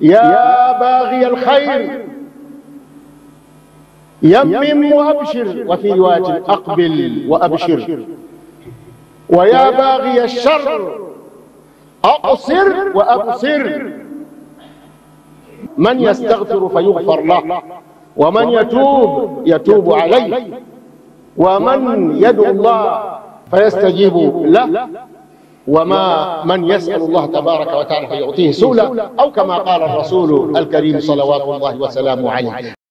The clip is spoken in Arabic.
يا باغي الخير يمم وأبشر وفي رواية أقبل وأبشر ويا باغي الشر أقصر وأبصر من يستغفر فيغفر له ومن يتوب يتوب عليه ومن يدعو الله فيستجيب له وما من يسأل الله تبارك وتعالى فيعطيه سؤلا أو كما قال الرسول الكريم صلوات الله وسلامه عليه